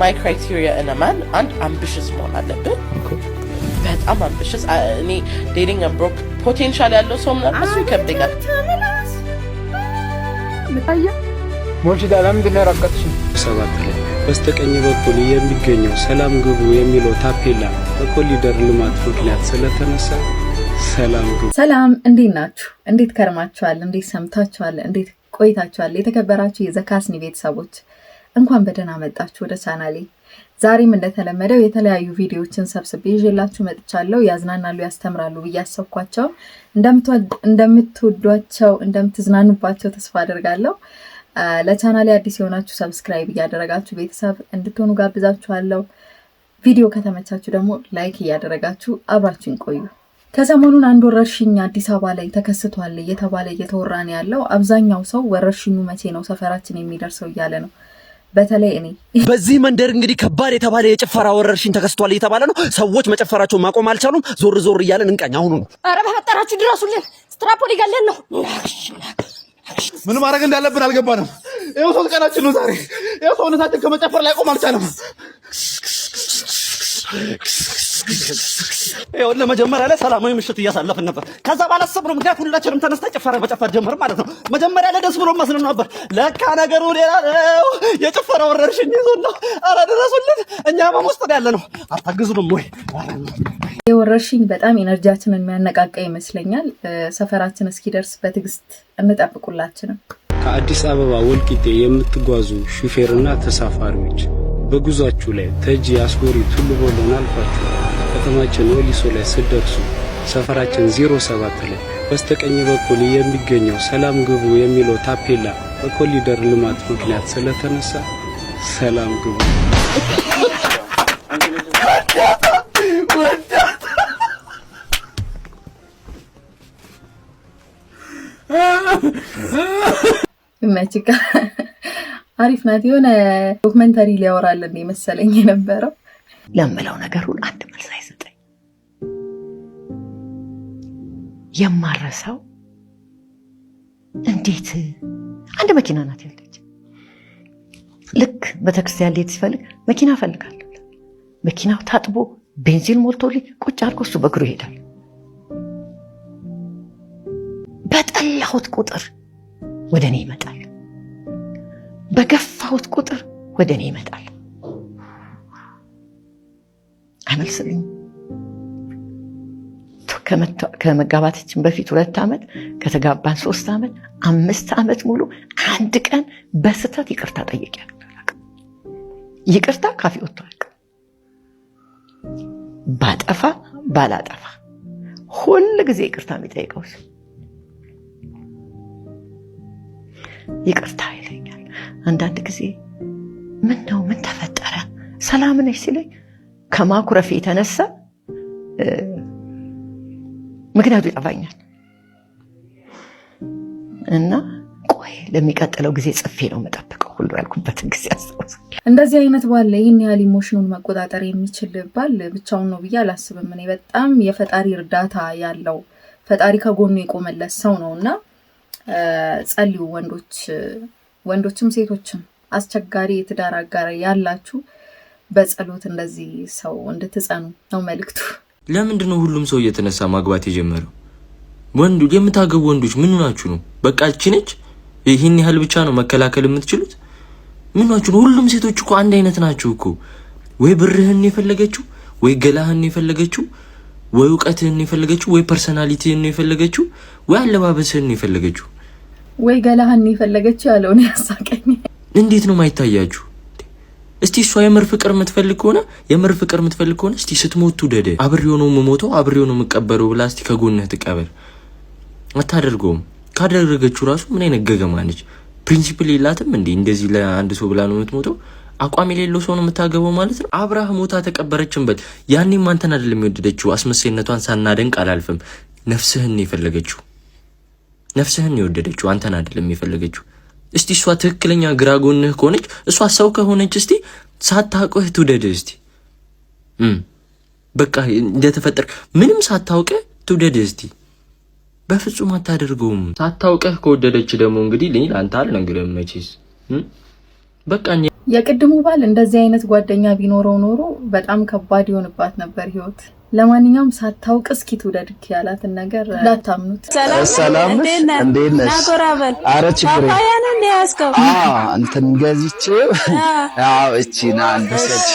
ማይ ክራይቴሪያ እነማን አንድ አምቢሽስ መሆን አለብን። በጣም አምቢሽስ እኔ ዴቲንግ ብሮክ ፖቴንሻል ያለው ሰው ምናምን እሱ ይከብደኛል። ሙርሺዳ ሰባት ላይ በስተቀኝ በኩል የሚገኘው ሰላም ግቡ የሚለው ታፔላ በኮሊደር ልማት ምክንያት ስለተነሳ ሰላም ግቡ። ሰላም እንዴት ናችሁ? እንዴት ከርማችኋል? እንዴት ሰምታችኋል? እንዴት ቆይታችኋል? የተከበራችሁ የዘካስኒ ቤተሰቦች እንኳን በደህና መጣችሁ ወደ ቻናሌ። ዛሬም እንደተለመደው የተለያዩ ቪዲዮዎችን ሰብስቤ ይዤላችሁ መጥቻለሁ። ያዝናናሉ፣ ያስተምራሉ ብዬ አሰብኳቸው እንደምትወዷቸው፣ እንደምትዝናኑባቸው ተስፋ አደርጋለሁ። ለቻናሌ አዲስ የሆናችሁ ሰብስክራይብ እያደረጋችሁ ቤተሰብ እንድትሆኑ ጋብዛችኋለሁ። ቪዲዮ ከተመቻችሁ ደግሞ ላይክ እያደረጋችሁ አብራችሁን ቆዩ። ከሰሞኑን አንድ ወረርሽኝ አዲስ አበባ ላይ ተከስቷል እየተባለ እየተወራን ያለው። አብዛኛው ሰው ወረርሽኙ መቼ ነው ሰፈራችን የሚደርሰው እያለ ነው። በተለይ እኔ በዚህ መንደር እንግዲህ ከባድ የተባለ የጭፈራ ወረርሽኝ ተከስቷል እየተባለ ነው። ሰዎች መጨፈራቸውን ማቆም አልቻሉም። ዞር ዞር እያለን እንቀኝ አሁኑ ነው። ኧረ በፈጠራችሁ ድረሱልን፣ ስትራፖል ይገለን ነው። ምን ማድረግ እንዳለብን አልገባንም። ይኸው ሶስት ቀናችን ነው ዛሬ። ይኸው ሰውነታችን ከመጨፈር ላይ ቆም አልቻለም። ይኸውልህ መጀመሪያ ላይ ሰላማዊ ምሽት እያሳለፍን ነበር። ከዛ ባላሰብነው ምክንያት ሁላችንም ተነስተን ጭፈራ በጨፈር ጀመር ማለት ነው። መጀመሪያ ላይ ደስ ብሎ መስለን ነበር። ለካ ነገሩ ሌላ ነው። የጭፈራ ወረርሽኝ ነው። ኧረ ድረሱልን፣ እኛ ህመም ውስጥ ያለ ነው። አታግዙንም ወይ? ይህ ወረርሽኝ በጣም ኤነርጂያችንን የሚያነቃቃ ይመስለኛል። ሰፈራችን እስኪደርስ በትዕግስት እንጠብቁላችንም። ከአዲስ አበባ ወልቂጤ የምትጓዙ ሹፌርና ተሳፋሪዎች በጉዟችሁ ላይ ተጂ አስጎሪ ቱሉ ቦለን አልፋችኋል። ከተማችን ወሊሶ ላይ ስደርሱ ሰፈራችን 07 ላይ በስተቀኝ በኩል የሚገኘው ሰላም ግቡ የሚለው ታፔላ በኮሊደር ልማት ምክንያት ስለተነሳ ሰላም ግቡ። አሪፍ ናት። የሆነ ዶክመንተሪ ሊያወራልን የመሰለኝ የነበረው ለምለው ነገር ሁሉ አንድ መልስ አይሰጠኝ። የማረሳው እንዴት አንድ መኪና ናት ያለች። ልክ ቤተክርስቲያን ሊሄድ ሲፈልግ መኪና እፈልጋለሁ። መኪናው ታጥቦ ቤንዚን ሞልቶልኝ ቁጭ አድርጎ እሱ በእግሩ ይሄዳል። በጠላሁት ቁጥር ወደ እኔ ይመጣል። በገፋሁት ቁጥር ወደ እኔ ይመጣል። አመልስልኝ ከመጋባታችን በፊት ሁለት ዓመት ከተጋባን ሶስት ዓመት አምስት ዓመት ሙሉ አንድ ቀን በስተት ይቅርታ ጠየቅ ይቅርታ ካፌ ወጥቶ ባጠፋ ባላጠፋ ሁል ጊዜ ይቅርታ የሚጠይቀው ይቅርታ ይለኛል። አንዳንድ ጊዜ ምን ነው ምን ተፈጠረ ሰላም ነሽ ሲለኝ ከማኩረፍ የተነሳ ምክንያቱ ይጠፋኛል እና ቆይ ለሚቀጥለው ጊዜ ጽፌ ነው የምጠብቀው ሁሉ ያልኩበትን ጊዜ ያስታውስ። እንደዚህ አይነት ባለ ይህን ያህል ኢሞሽኑን መቆጣጠር የሚችል ባል ብቻውን ነው ብዬ አላስብም። እኔ በጣም የፈጣሪ እርዳታ ያለው ፈጣሪ ከጎኑ የቆመለት ሰው ነው እና ጸልዩ ወንዶች፣ ወንዶችም ሴቶችም አስቸጋሪ የትዳር አጋር ያላችሁ በጸሎት እንደዚህ ሰው እንድትጸኑ ነው መልክቱ። ለምንድን ነው ሁሉም ሰው እየተነሳ ማግባት የጀመረው? ወንዱ የምታገቡ ወንዶች ምን ነው? በቃ ይህን ያህል ብቻ ነው መከላከል የምትችሉት? ምን ናችሁ ነው? ሁሉም ሴቶች እኮ አንድ አይነት ናችሁ እኮ። ወይ ብርህን የፈለገችው፣ ወይ ገላህን የፈለገችው፣ ወይ እውቀትህን የፈለገችው፣ ወይ ፐርሰናሊቲህን የፈለገችው፣ ወይ አለባበስህን የፈለገችው፣ ወይ ገላህን የፈለገችው ያለውን ያሳቀኝ። እንዴት ነው ማይታያችሁ? እስቲ እሷ የምር ፍቅር የምትፈልግ ከሆነ የምር ፍቅር የምትፈልግ ከሆነ እስቲ ስትሞት ትውደድ። አብሬው ነው የምሞተው አብሬው ነው የምቀበረው ብላ እስቲ ከጎንህ ትቀበል። አታደርገውም። ካደረገችው ራሱ ምን አይነት ገገማ ነች? ፕሪንሲፕል የላትም እንዴ? እንደዚህ ለአንድ ሰው ብላ ነው የምትሞተው? አቋም የሌለው ሰው ነው የምታገበው ማለት ነው። አብርሃ ሞታ ተቀበረችን በል። ያኔም አንተን አይደለም የወደደችው። አስመሳይነቷን ሳናደንቅ አላልፍም። ነፍስህን የፈለገችው ነፍስህን የወደደችው አንተን አይደለም የፈለገችው። እስቲ እሷ ትክክለኛ ግራ ጎንህ ከሆነች እሷ ሰው ከሆነች እስቲ ሳታውቅህ ትውደድህ። እስቲ በቃ እንደተፈጠር ምንም ሳታውቅህ ትውደድህ። እስቲ በፍጹም አታደርገውም። ሳታውቅህ ከወደደች ደግሞ እንግዲህ ለአንተ አልነግርህም መቼስ በቃ የቅድሙ ባል እንደዚህ አይነት ጓደኛ ቢኖረው ኖሮ በጣም ከባድ ይሆንባት ነበር ህይወት። ለማንኛውም ሳታውቅ እስኪ ትውደድክ ያላትን ነገር እንዳታምኑት። ሰላም እንዴት ነሽ? አረ ችግር እንትን ገዝቼ ያው እቺ ና አንበሰች።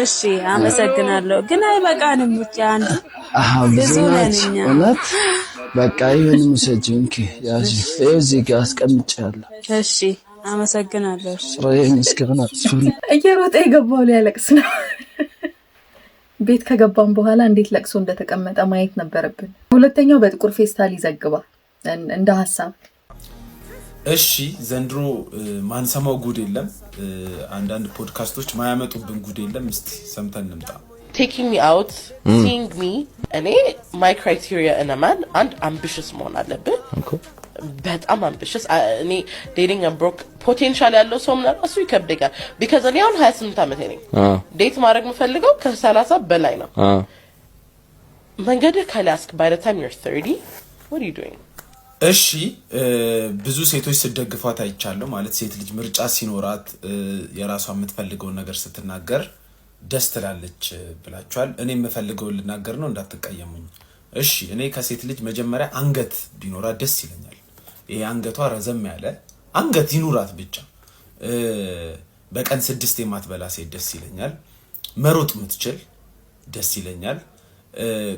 እሺ አመሰግናለሁ። ግን አይበቃንም። ውጭ አንዱ ብዙ ነኝ እውነት በቃ ይህን ውሰጂ። እንኪ ያዥ፣ እዚህ ጋር አስቀምጫለሁ። እሺ አመሰግናለሁ። እየሮጠ የገባው ሊያለቅስ ነው። ቤት ከገባም በኋላ እንዴት ለቅሶ እንደተቀመጠ ማየት ነበረብን። ሁለተኛው በጥቁር ፌስታል ይዘግባ እንደ ሀሳብ እሺ። ዘንድሮ ማንሰማው ጉድ የለም። አንዳንድ ፖድካስቶች ማያመጡብን ጉድ የለም። እስቲ ሰምተን እንምጣ። ቴኪንግ ሚ አውት ሲንግ ሚ እኔ ማይ ክራይቴሪያ እነማን አንድ አምቢሽስ መሆን አለብን በጣም አምቢሽስ እኔ ዴቲንግ ብሮክ ፖቴንሻል ያለው ሰው ምናምን እሱ ይከብደኛል። ቢካዝ እኔ አሁን 28 ዓመቴ ነኝ። ዴት ማድረግ የምፈልገው ከ30 በላይ ነው። መንገድህ ካላስክ ባይ ዘ ታይም ዩር 30 what ዩ you እሺ ብዙ ሴቶች ስትደግፏት አይቻለሁ። ማለት ሴት ልጅ ምርጫ ሲኖራት የራሷ የምትፈልገውን ነገር ስትናገር ደስ ትላለች ብላችኋል። እኔ የምፈልገውን ልናገር ነው፣ እንዳትቀየሙኝ። እሺ እኔ ከሴት ልጅ መጀመሪያ አንገት ቢኖራት ደስ ይለኛል። ይሄ አንገቷ ረዘም ያለ አንገት ይኑራት ብቻ። በቀን ስድስት የማትበላ ሴት ደስ ይለኛል። መሮጥ የምትችል ደስ ይለኛል።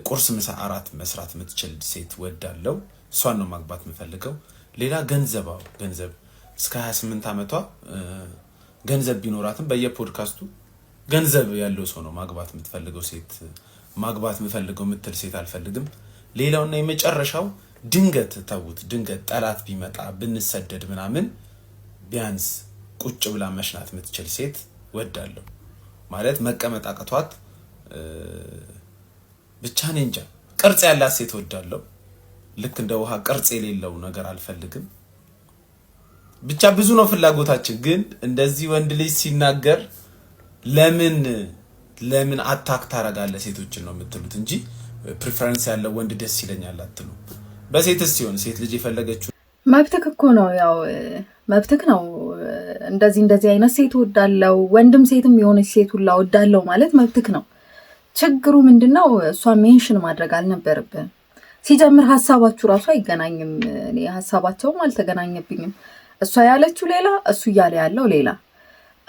ቁርስ፣ ምሳ፣ አራት መስራት የምትችል ሴት ወዳለው እሷን ነው ማግባት የምፈልገው። ሌላ ገንዘባ ገንዘብ እስከ 28 ዓመቷ ገንዘብ ቢኖራትም በየፖድካስቱ ገንዘብ ያለው ሰው ነው ማግባት የምትፈልገው ሴት ማግባት የምፈልገው የምትል ሴት አልፈልግም። ሌላውና የመጨረሻው ድንገት ተዉት፣ ድንገት ጠላት ቢመጣ ብንሰደድ ምናምን ቢያንስ ቁጭ ብላ መሽናት የምትችል ሴት ወዳለሁ ማለት መቀመጥ አቅቷት ብቻ እኔ እንጃ ቅርጽ ያላት ሴት ወዳለሁ። ልክ እንደ ውሃ ቅርጽ የሌለው ነገር አልፈልግም። ብቻ ብዙ ነው ፍላጎታችን። ግን እንደዚህ ወንድ ልጅ ሲናገር ለምን ለምን አታክ ታረጋለህ ሴቶችን ነው የምትሉት እንጂ ፕሪፈረንስ ያለው ወንድ ደስ ይለኛል አትሉ። በሴትስ ሲሆን ሴት ልጅ የፈለገችው መብትክ እኮ ነው። ያው መብትክ ነው። እንደዚህ እንደዚህ አይነት ሴት ወዳለው ወንድም ሴትም የሆነች ሴት ሁላ ወዳለው ማለት መብትክ ነው። ችግሩ ምንድነው እሷ ሜንሽን ማድረግ አልነበረብህም። ሲጀምር ሀሳባችሁ ራሱ አይገናኝም። እኔ ሀሳባቸውም አልተገናኘብኝም። እሷ ያለችው ሌላ፣ እሱ እያለ ያለው ሌላ።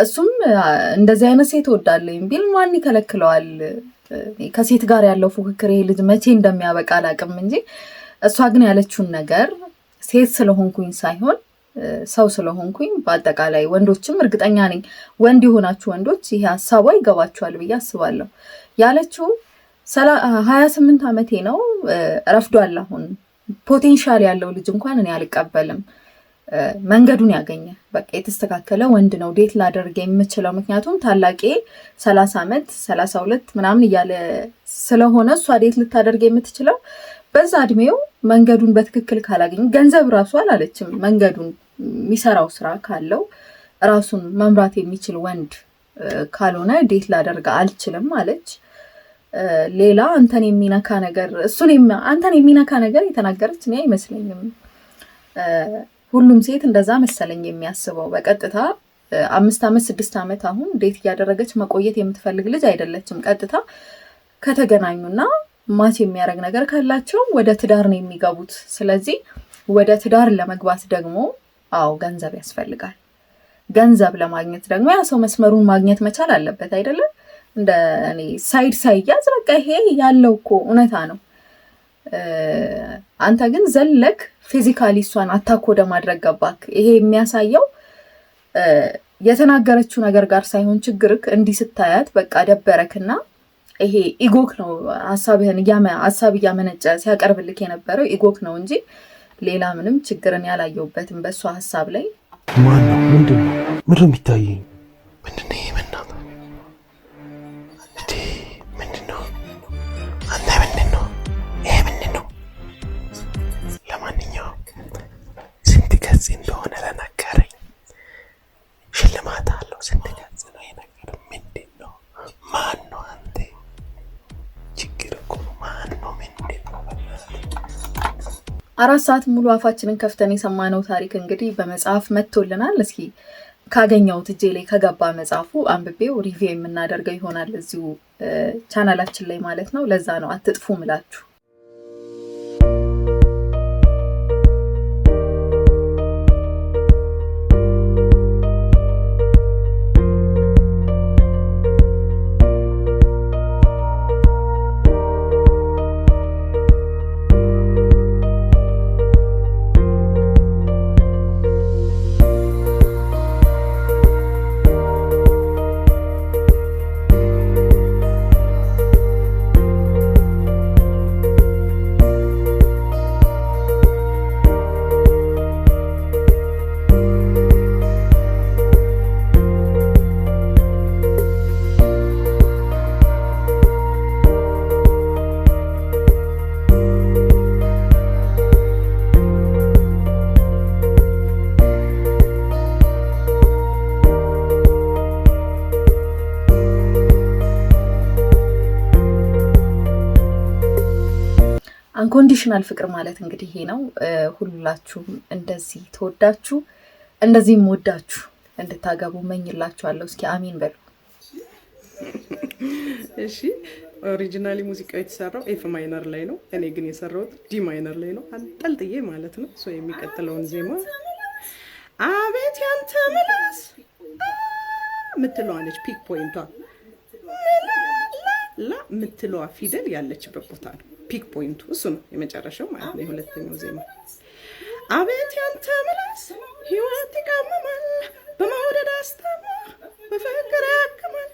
እሱም እንደዚህ አይነት ሴት ወዳለኝ ቢል ማን ይከለክለዋል? ከሴት ጋር ያለው ፉክክር ይሄ ልጅ መቼ እንደሚያበቃ አላውቅም እንጂ እሷ ግን ያለችውን ነገር ሴት ስለሆንኩኝ ሳይሆን ሰው ስለሆንኩኝ በአጠቃላይ ወንዶችም እርግጠኛ ነኝ ወንድ የሆናችሁ ወንዶች ይሄ ሀሳቧ ይገባችኋል ብዬ አስባለሁ። ያለችው ሀያ ስምንት ዓመቴ ነው ረፍዷል። አሁን ፖቴንሻል ያለው ልጅ እንኳን እኔ አልቀበልም። መንገዱን ያገኘ በቃ የተስተካከለ ወንድ ነው ዴት ላደርግ የምችለው። ምክንያቱም ታላቄ ሰላሳ ዓመት ሰላሳ ሁለት ምናምን እያለ ስለሆነ እሷ ዴት ልታደርግ የምትችለው በዛ እድሜው መንገዱን በትክክል ካላገኝ ገንዘብ ራሱ አላለችም። መንገዱን የሚሰራው ስራ ካለው ራሱን መምራት የሚችል ወንድ ካልሆነ ዴት ላደርግ አልችልም አለች። ሌላ አንተን የሚነካ ነገር እሱን አንተን የሚነካ ነገር የተናገረች እኔ አይመስለኝም። ሁሉም ሴት እንደዛ መሰለኝ የሚያስበው በቀጥታ አምስት ዓመት ስድስት ዓመት አሁን ዴት እያደረገች መቆየት የምትፈልግ ልጅ አይደለችም። ቀጥታ ከተገናኙና ማች የሚያደርግ ነገር ካላቸው ወደ ትዳር ነው የሚገቡት። ስለዚህ ወደ ትዳር ለመግባት ደግሞ አዎ ገንዘብ ያስፈልጋል። ገንዘብ ለማግኘት ደግሞ ያ ሰው መስመሩን ማግኘት መቻል አለበት አይደለም። እንደ እኔ ሳይድ ሳይያዝ በቃ ይሄ ያለው እኮ እውነታ ነው። አንተ ግን ዘለክ ፊዚካሊ እሷን አታክ ወደ ማድረግ ገባክ። ይሄ የሚያሳየው የተናገረችው ነገር ጋር ሳይሆን ችግርክ እንዲህ ስታያት በቃ ደበረክና ይሄ ኢጎክ ነው ሀሳብህን ሀሳብ እያመነጨ ሲያቀርብልክ የነበረው ኢጎክ ነው እንጂ ሌላ ምንም ችግርን ያላየውበትም በእሱ ሀሳብ ላይ ማነው ምንድን ነው ምንድን ነው የሚታየኝ ምንድን ነው የመናት ምንድን ነው አንተ ምንድን ነው ይሄ ምንድን ነው ለማንኛውም ስንት ገጽ እንደሆነ ለነገረኝ ሽልማት አለው ስንት አራት ሰዓት ሙሉ አፋችንን ከፍተን የሰማነው ታሪክ እንግዲህ በመጽሐፍ መጥቶልናል። እስኪ ካገኘሁት እጄ ላይ ከገባ መጽሐፉ አንብቤው ሪቪው የምናደርገው ይሆናል እዚሁ ቻናላችን ላይ ማለት ነው። ለዛ ነው አትጥፉ ምላችሁ አንኮንዲሽናል ፍቅር ማለት እንግዲህ ይሄ ነው። ሁላችሁም እንደዚህ ተወዳችሁ እንደዚህም ወዳችሁ እንድታገቡ መኝላችኋለሁ። እስኪ አሚን በሉ። እሺ ኦሪጂናሊ ሙዚቃ የተሰራው ኤፍ ማይነር ላይ ነው። እኔ ግን የሰራሁት ዲ ማይነር ላይ ነው፣ አንጠልጥዬ ማለት ነው። ሶ የሚቀጥለውን ዜማ አቤት ያንተ ምላስ ምትለዋለች ፒክ ፖይንቷ ላ ምትለዋ ፊደል ያለችበት ቦታ ነው። ፒክ ፖይንቱ እሱ ነው የመጨረሻው ማለት ነው። የሁለተኛው ዜማ አቤት ያንተ ምላስ ህይወት ይቀምማል፣ በመውደድ አስተማ በፍቅር ያክማል፣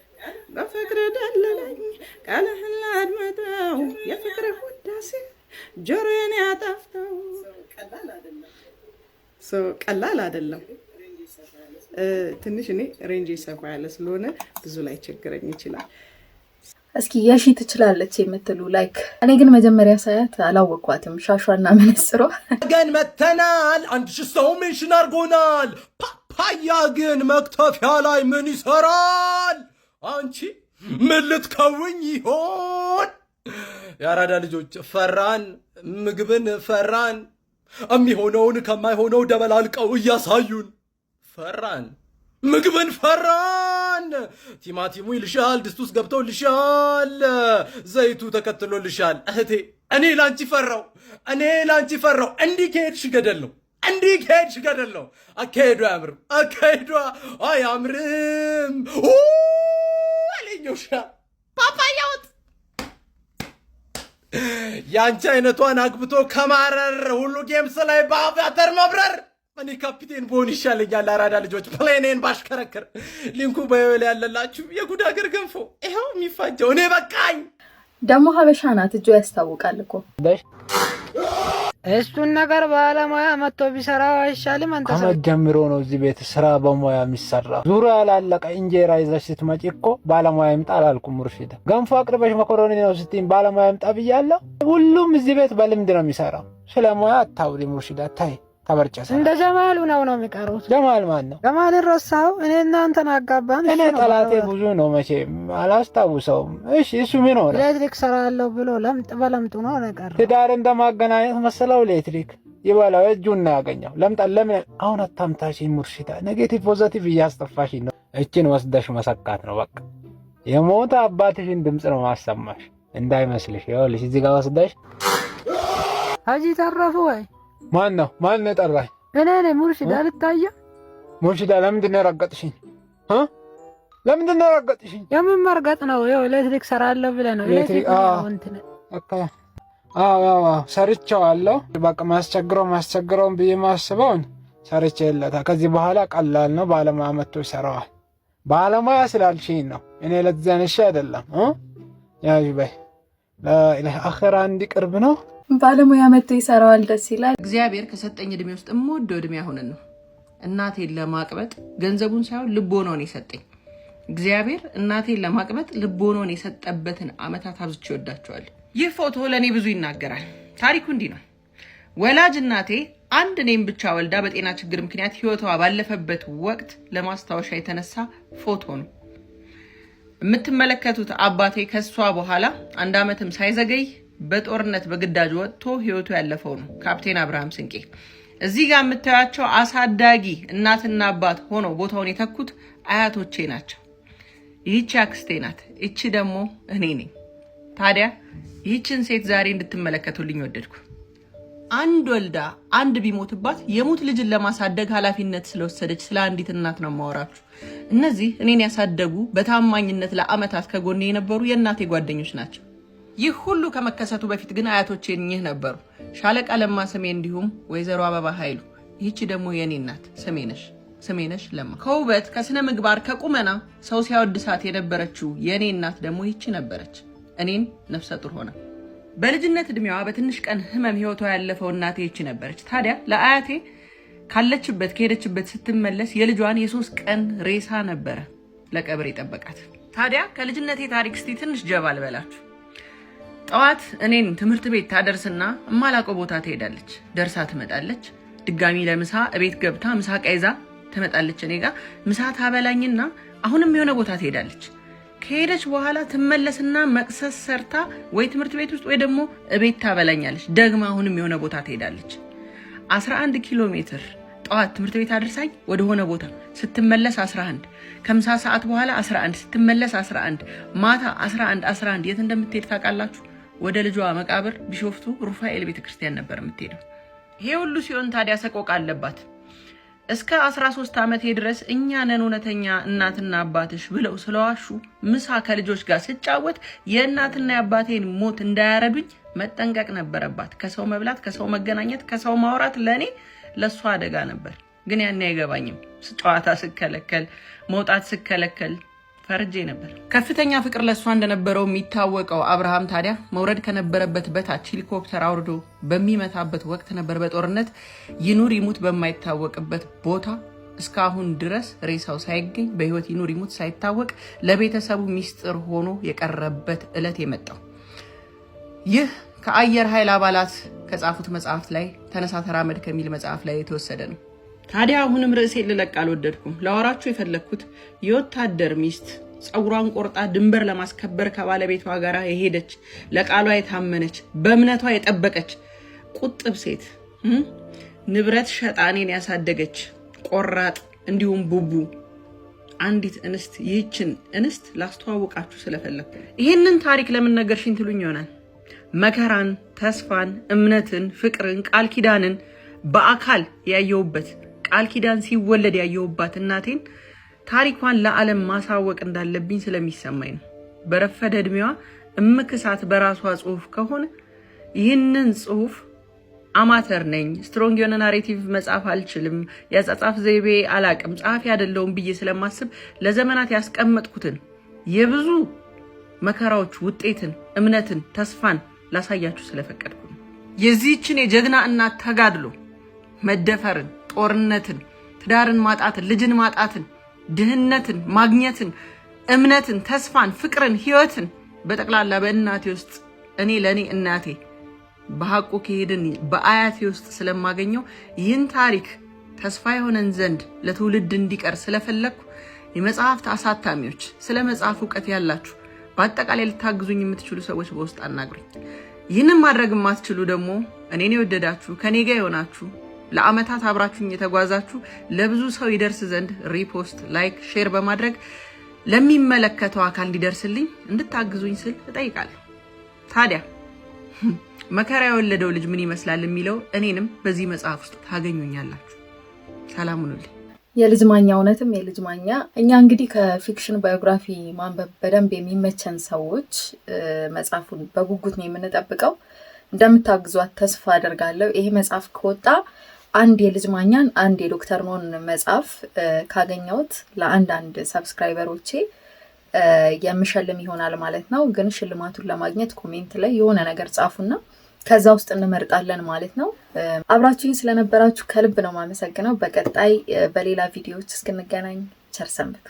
በፍቅር ደለለኝ ቃልህን ላድመጠው የፍቅር ውዳሴ ጆሮዬን ያጣፍተው። ቀላል አይደለም። ትንሽ እኔ ሬንጅ ሰፋ ያለ ስለሆነ ብዙ ላይ ቸግረኝ ይችላል። እስኪ የሺ ትችላለች የምትሉ ላይክ። እኔ ግን መጀመሪያ ሳያት አላወቅኳትም። ሻሿና መነጽሯ ገን መተናል። አንድ ሺ ሰው ሜንሽን አድርጎናል። ፓፓያ ግን መክተፊያ ላይ ምን ይሰራል? አንቺ ምን ልትከውኝ ይሆን? የአራዳ ልጆች ፈራን፣ ምግብን ፈራን፣ የሚሆነውን ከማይሆነው ደበላልቀው እያሳዩን ፈራን። ምግብን ፈራን። ቲማቲሙ ይልሻል፣ ድስቱስ ውስጥ ገብተው ልሻል፣ ዘይቱ ተከትሎ ልሻል። እህቴ እኔ ላንቺ ፈራው፣ እኔ ላንቺ ፈራው። እንዲህ ከሄድሽ ገደል ነው እንዲህ ከሄድሽ ገደል ነው። አካሄዱ አያምርም፣ አካሄዱ አያምርም። አለኞሻ ፓፓያውት ያንቺ አይነቷን አግብቶ ከማረር ሁሉ ጌምስ ላይ በአፍተር መብረር እኔ ካፒቴን በሆን ይሻለኛል። አራዳ ልጆች ፕሌኔን ባሽከረክር። ሊንኩ በወል ያለላችሁ የጉድ ሀገር ገንፎ ይኸው የሚፋጀው እኔ በቃኝ። ደግሞ ሀበሻ ናት፣ እጆ ያስታውቃል እኮ እሱን ነገር ባለሙያ መጥቶ ቢሰራ አይሻልም? አንተ ጀምሮ ነው እዚህ ቤት ስራ በሙያ የሚሰራ። ዙሪያ ያላለቀ እንጀራ ይዘሽ ስትመጪ እኮ ባለሙያ ይምጣ አላልኩም? ሙርሽዳ ገንፎ አቅርበሽ መኮረኒ ነው ስትይኝ ባለሙያ ይምጣ ብያለሁ። ሁሉም እዚህ ቤት በልምድ ነው የሚሰራው። ስለ ሙያ አታውሪ ሙርሽዳ ታይ ተመርጨሰ እንደ ጀማሉ ነው ነው የሚቀሩት። ጀማል ማን ነው? ጀማል ረሳው። እኔ እናንተን አጋባን። እኔ ጠላቴ ብዙ ነው መቼም አላስታውሰውም። እሺ እሱ ምን ሆነ? ኤሌክትሪክ ሰራለሁ ብሎ ለምጥ በለምጡ ነው ነቀር። ትዳር እንደማገናኘት መሰለው። ኤሌክትሪክ ይበላው እጁን ነው ያገኘው። ለምጣ ለምን አሁን አታምታሽ? ሙርሽታ ኔጌቲቭ ፖዘቲቭ እያስጠፋሽ ነው። እችን ወስደሽ መሰካት ነው በቃ። የሞተ አባትሽን ድምፅ ነው ማሰማሽ እንዳይመስልሽ። ይኸውልሽ እዚህ ጋር ወስደሽ ሀጂ ተረፉ ወይ ማን ነው ማን ነው የጠራኝ? እኔ ነኝ ሙርሽድ አልታየ። ሙርሽዳ ለምንድን ነው የረገጥሽኝ? ለምንድን ነው የረገጥሽኝ? የምን መርገጥ ነው? ይኸው ኤሌክትሪክ ሰራለሁ ብለህ ነው። ኤሌክትሪክ ሰርቼዋለሁ። በቃ ማስቸግረው ማስቸግረውን ብዬ ማስበውን ሰርቼ የለታ ከዚህ በኋላ ቀላል ነው። ባለሙያ መጥቶ ይሰራዋል። ባለሙያ ስላልሽኝ ነው እኔ ለዛንሽ አይደለም። ያዥ በይ ለአኸራ እንዲቅርብ ነው ባለሙያ መጥቶ ይሰራዋል። ደስ ይላል። እግዚአብሔር ከሰጠኝ እድሜ ውስጥ የምወደው እድሜ አሁን ነው። እናቴን ለማቅበጥ ገንዘቡን ሳይሆን ልቦናውን የሰጠኝ እግዚአብሔር እናቴን ለማቅበጥ ልቦናውን የሰጠበትን አመታት አብዝቼ ይወዳቸዋል። ይህ ፎቶ ለእኔ ብዙ ይናገራል። ታሪኩ እንዲህ ነው። ወላጅ እናቴ አንድ እኔም ብቻ ወልዳ በጤና ችግር ምክንያት ህይወቷ ባለፈበት ወቅት ለማስታወሻ የተነሳ ፎቶ ነው። የምትመለከቱት አባቴ ከሷ በኋላ አንድ አመትም ሳይዘገይ በጦርነት በግዳጅ ወጥቶ ህይወቱ ያለፈው ነው ካፕቴን አብርሃም ስንቄ። እዚህ ጋር የምታያቸው አሳዳጊ እናትና አባት ሆነው ቦታውን የተኩት አያቶቼ ናቸው። ይህቺ አክስቴ ናት። ይቺ ደግሞ እኔ ነኝ። ታዲያ ይህችን ሴት ዛሬ እንድትመለከቱልኝ ወደድኩ። አንድ ወልዳ አንድ ቢሞትባት የሙት ልጅን ለማሳደግ ኃላፊነት ስለወሰደች ስለ አንዲት እናት ነው ማወራችሁ። እነዚህ እኔን ያሳደጉ በታማኝነት ለአመታት ከጎኔ የነበሩ የእናቴ ጓደኞች ናቸው። ይህ ሁሉ ከመከሰቱ በፊት ግን አያቶቼ እኚህ ነበሩ። ሻለቃ ለማ ስሜ፣ እንዲሁም ወይዘሮ አበባ ኃይሉ። ይህቺ ደግሞ የኔ እናት ስሜነሽ ስሜነሽ ለማ። ከውበት ከስነ ምግባር ከቁመና ሰው ሲያወድሳት የነበረችው የእኔ እናት ደግሞ ይቺ ነበረች። እኔን ነፍሰ ጡር ሆነ በልጅነት እድሜዋ በትንሽ ቀን ህመም ህይወቷ ያለፈው እናቴ ይቺ ነበረች። ታዲያ ለአያቴ ካለችበት ከሄደችበት ስትመለስ የልጇን የሶስት ቀን ሬሳ ነበረ ለቀብር የጠበቃት። ታዲያ ከልጅነቴ ታሪክ እስቲ ትንሽ ጀባ ልበላችሁ። ጠዋት እኔን ትምህርት ቤት ታደርስና እማላውቀው ቦታ ትሄዳለች። ደርሳ ትመጣለች። ድጋሚ ለምሳ እቤት ገብታ ምሳ ቀይዛ ትመጣለች። እኔ ጋ ምሳ ታበላኝና አሁንም የሆነ ቦታ ትሄዳለች። ከሄደች በኋላ ትመለስና መቅሰስ ሰርታ ወይ ትምህርት ቤት ውስጥ ወይ ደግሞ እቤት ታበላኛለች። ደግሞ አሁንም የሆነ ቦታ ትሄዳለች። 11 ኪሎ ሜትር ጠዋት ትምህርት ቤት አድርሳኝ ወደሆነ ቦታ ስትመለስ 11 ከምሳ ሰዓት በኋላ 11 ስትመለስ 11 ማታ 11 11 የት እንደምትሄድ ታውቃላችሁ? ወደ ልጇ መቃብር ቢሾፍቱ ሩፋኤል ቤተክርስቲያን ነበር የምትሄደው። ይሄ ሁሉ ሲሆን ታዲያ ሰቆቃ አለባት። እስከ 13 ዓመቴ ድረስ እኛ ነን እውነተኛ እናትና አባትሽ ብለው ስለዋሹ ምሳ ከልጆች ጋር ስጫወት የእናትና የአባቴን ሞት እንዳያረዱኝ መጠንቀቅ ነበረባት። ከሰው መብላት፣ ከሰው መገናኘት፣ ከሰው ማውራት ለእኔ ለእሷ አደጋ ነበር። ግን ያን አይገባኝም። ጨዋታ ስከለከል፣ መውጣት ስከለከል ፈርጄ ነበር። ከፍተኛ ፍቅር ለእሷ እንደነበረው የሚታወቀው አብርሃም ታዲያ መውረድ ከነበረበት በታች ሄሊኮፕተር አውርዶ በሚመታበት ወቅት ነበር በጦርነት ይኑር ይሙት በማይታወቅበት ቦታ እስካሁን ድረስ ሬሳው ሳይገኝ በህይወት ይኑር ይሙት ሳይታወቅ ለቤተሰቡ ሚስጥር ሆኖ የቀረበት እለት የመጣው ይህ ከአየር ኃይል አባላት ከጻፉት መጽሐፍ ላይ ተነሳ ተራመድ ከሚል መጽሐፍ ላይ የተወሰደ ነው። ታዲያ አሁንም ርዕሴ ልለቅ አልወደድኩም። ለወራችሁ የፈለግኩት የወታደር ሚስት ፀጉሯን ቆርጣ ድንበር ለማስከበር ከባለቤቷ ጋር የሄደች ለቃሏ የታመነች በእምነቷ የጠበቀች ቁጥብ ሴት ንብረት ሸጣኔን ያሳደገች ቆራጥ፣ እንዲሁም ቡቡ አንዲት እንስት ይህችን እንስት ላስተዋውቃችሁ ስለፈለግኩ። ይህንን ታሪክ ለምን ነገርሽኝ ትሉኝ ይሆናል። መከራን፣ ተስፋን፣ እምነትን፣ ፍቅርን፣ ቃል ኪዳንን በአካል ያየውበት ቃል ኪዳን ሲወለድ ያየሁባት እናቴን ታሪኳን ለዓለም ማሳወቅ እንዳለብኝ ስለሚሰማኝ ነው። በረፈደ ዕድሜዋ እምክሳት በራሷ ጽሁፍ ከሆነ ይህንን ጽሁፍ አማተር ነኝ፣ ስትሮንግ የሆነ ናሬቲቭ መጻፍ አልችልም፣ የአጻጻፍ ዘይቤ አላቅም፣ ጸሐፊ አይደለሁም ብዬ ስለማስብ ለዘመናት ያስቀመጥኩትን የብዙ መከራዎች ውጤትን፣ እምነትን፣ ተስፋን ላሳያችሁ ስለፈቀድኩ የዚህችን የጀግና እናት ተጋድሎ መደፈርን ጦርነትን፣ ትዳርን ማጣትን፣ ልጅን ማጣትን፣ ድህነትን፣ ማግኘትን፣ እምነትን፣ ተስፋን፣ ፍቅርን፣ ህይወትን በጠቅላላ በእናቴ ውስጥ እኔ ለእኔ እናቴ በሐቁ ከሄድን በአያቴ ውስጥ ስለማገኘው ይህን ታሪክ ተስፋ የሆነን ዘንድ ለትውልድ እንዲቀር ስለፈለግኩ የመጽሐፍት አሳታሚዎች፣ ስለ መጽሐፍ እውቀት ያላችሁ በአጠቃላይ ልታግዙኝ የምትችሉ ሰዎች በውስጥ አናግሩኝ። ይህንን ማድረግ የማትችሉ ደግሞ እኔን የወደዳችሁ ከኔ ጋር የሆናችሁ ለአመታት አብራችሁኝ የተጓዛችሁ ለብዙ ሰው ይደርስ ዘንድ ሪፖስት፣ ላይክ፣ ሼር በማድረግ ለሚመለከተው አካል እንዲደርስልኝ እንድታግዙኝ ስል እጠይቃለሁ። ታዲያ መከራ የወለደው ልጅ ምን ይመስላል የሚለው እኔንም በዚህ መጽሐፍ ውስጥ ታገኙኛላችሁ። ሰላም ሁኑልኝ። የልጅ ማኛ እውነትም የልጅ ማኛ። እኛ እንግዲህ ከፊክሽን ባዮግራፊ ማንበብ በደንብ የሚመቸን ሰዎች መጽሐፉን በጉጉት ነው የምንጠብቀው። እንደምታግዟት ተስፋ አደርጋለሁ። ይሄ መጽሐፍ ከወጣ አንድ የልጅ ማኛን አንድ የዶክተር ኖን መጽሐፍ ካገኘሁት ለአንዳንድ ሰብስክራይበሮቼ የምሸልም ይሆናል ማለት ነው። ግን ሽልማቱን ለማግኘት ኮሜንት ላይ የሆነ ነገር ጻፉና ከዛ ውስጥ እንመርጣለን ማለት ነው። አብራችሁኝ ስለነበራችሁ ከልብ ነው የማመሰግነው። በቀጣይ በሌላ ቪዲዮዎች እስክንገናኝ ቸር ሰንብቱ።